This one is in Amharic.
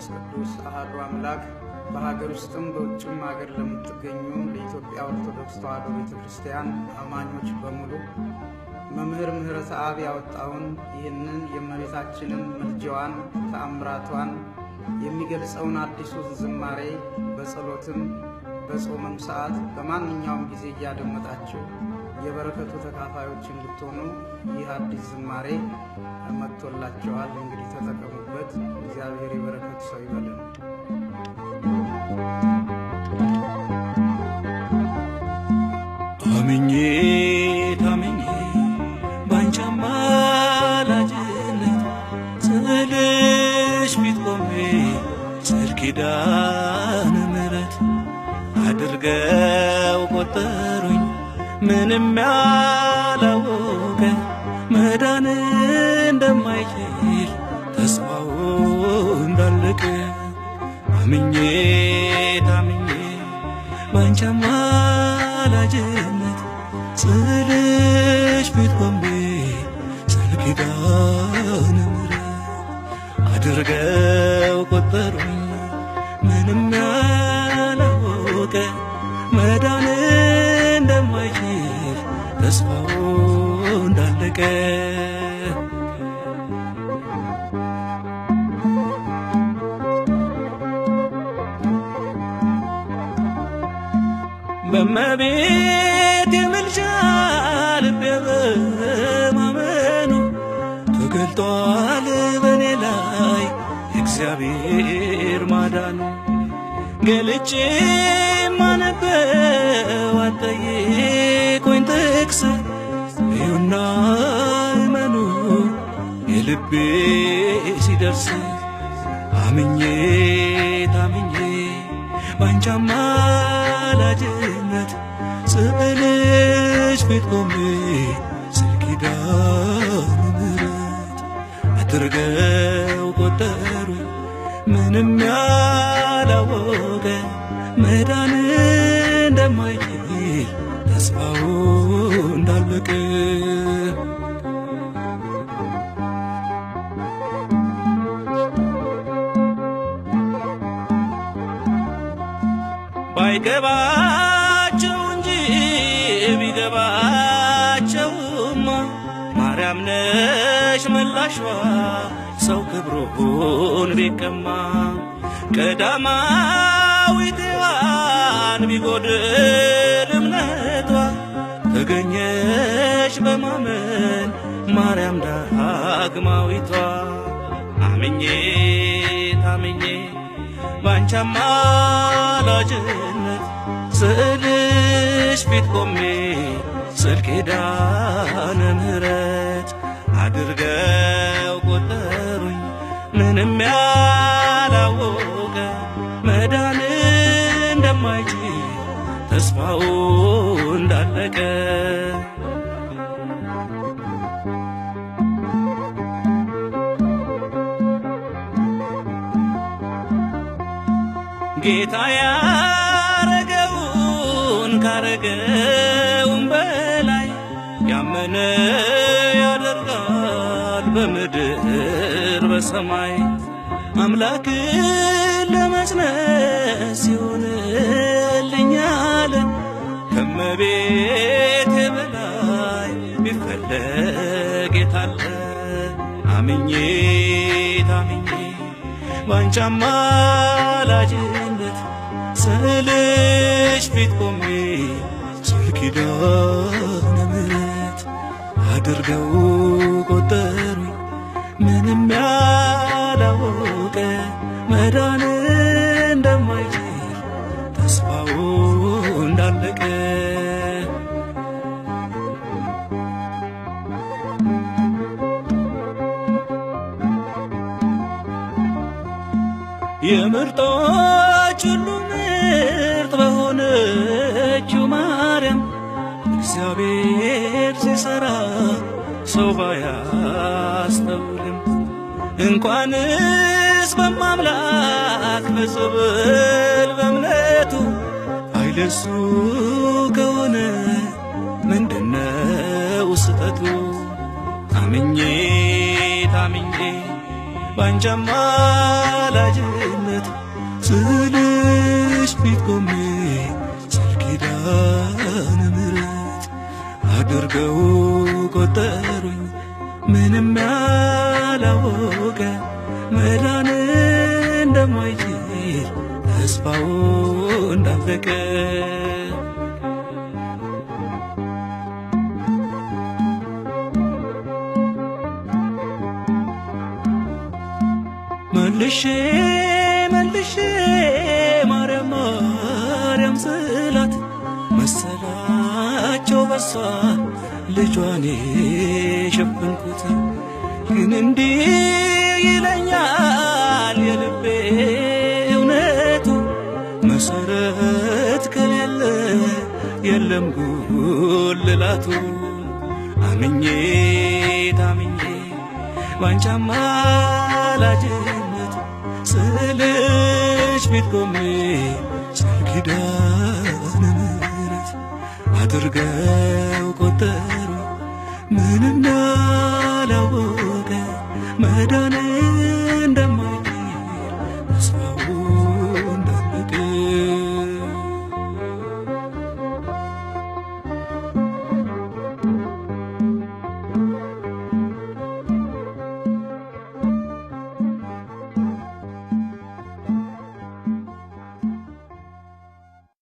መንፈስ ቅዱስ አህዶ አምላክ በሀገር ውስጥም በውጭም ሀገር ለምትገኙ ለኢትዮጵያ ኦርቶዶክስ ተዋሕዶ ቤተ ክርስቲያን አማኞች በሙሉ መምህር ምሕረተ አብ ያወጣውን ይህንን የእመቤታችንን ምልጃዋን ተአምራቷን የሚገልጸውን አዲሱ ዝማሬ በጸሎትም በጾምም ሰዓት በማንኛውም ጊዜ እያደመጣችሁ የበረከቱ ተካፋዮች እንድትሆኑ ይህ አዲስ ዝማሬ መጥቶላቸዋል። እንግዲህ ተጠቀሙበት። እግዚአብሔር የበረከቱ ሰው ይበልን። ታምኜ ታምኜ ባንቺ አማላጅነት ፊት ቆሜ ኪዳነ ምሕረት አድርገው ቆጠሩኝ ምንም ያላወቀ መዳን እንደማይችል ተስፋው እንዳለቀ አምኜ ታምኜ ባንቺ አማላጅነት ጽልሽ ፊት ቆሜ ጽል ኪዳነ ምሕረት አድርገው ቆጠሩኝ ምንም ያላወቀ መዳን ተስፋው እንዳለቀ በመቤት የምልጃ ልቤ በማመኑ ተገልጧል በኔ ላይ እግዚአብሔር ማዳኑ ገልጬ ማነበው አጠይቅ ኑና እመኑ የልቤ ሲደርስ አምኜ ታምኜ ባንቺ አማላጅነት ጽምልሽ ቤት ቆሜ ስል ኪዳን አድርገው ቆጠሩ ምንም ያላወቀ መዳን እንደማይችል ተስፋውን አልቅ ባይገባቸው እንጂ ቢገባቸውማ ማርያም ነሽ መላሽዋ ሰው ክብሩን ቢቀማ ቀዳማዊት ሔዋን ቢጎድል ተገኘሽ በማመን ማርያም ዳግማዊቷ አምኜ ታምኜ ባንቺ አማላጅነት ስዕልሽ ፊት ቆሜ ስል ኪዳነ ምሕረት አድርገው ቆጠሩኝ ምንም ያ ጌታ ያረገውን ካረገውን በላይ ያመነ ያደርጋል በምድር በሰማይ አምላክን ለመጽነስ ታምኜ ታምኜ ዋንጫማ ላጭነት ስልሽ ፊት ቆሜ ስል ኪዳነ አድርገው ቆጠሩኝ ምንም ያ የምርጦች ሁሉ ምርጥ በሆነችው ማርያም እግዚአብሔር ሲሰራ ሰው ባያስተውልም እንኳንስ በማምላክ በጸበል በእምነቱ አይለሱ ከሆነ ምንድነው ስጠቱ? አምኜ ታምኜ ባንቺ አማላጅ አድርገው ቆጠሩኝ ምንም ያላወቀ መዳን እንደማይችል ተስፋው እንዳለቀ መልሼ መልሼ ናቸው በሷ ልጇን የሸፈንኩት ግን እንዲህ ይለኛል የልቤ እውነቱ መሰረት ከሌለ የለም ጉልላቱ። አምኜ ታምኜ ባንቻማ ስልሽ ፊት ቆሜ ቃል አድርገው ቆጠ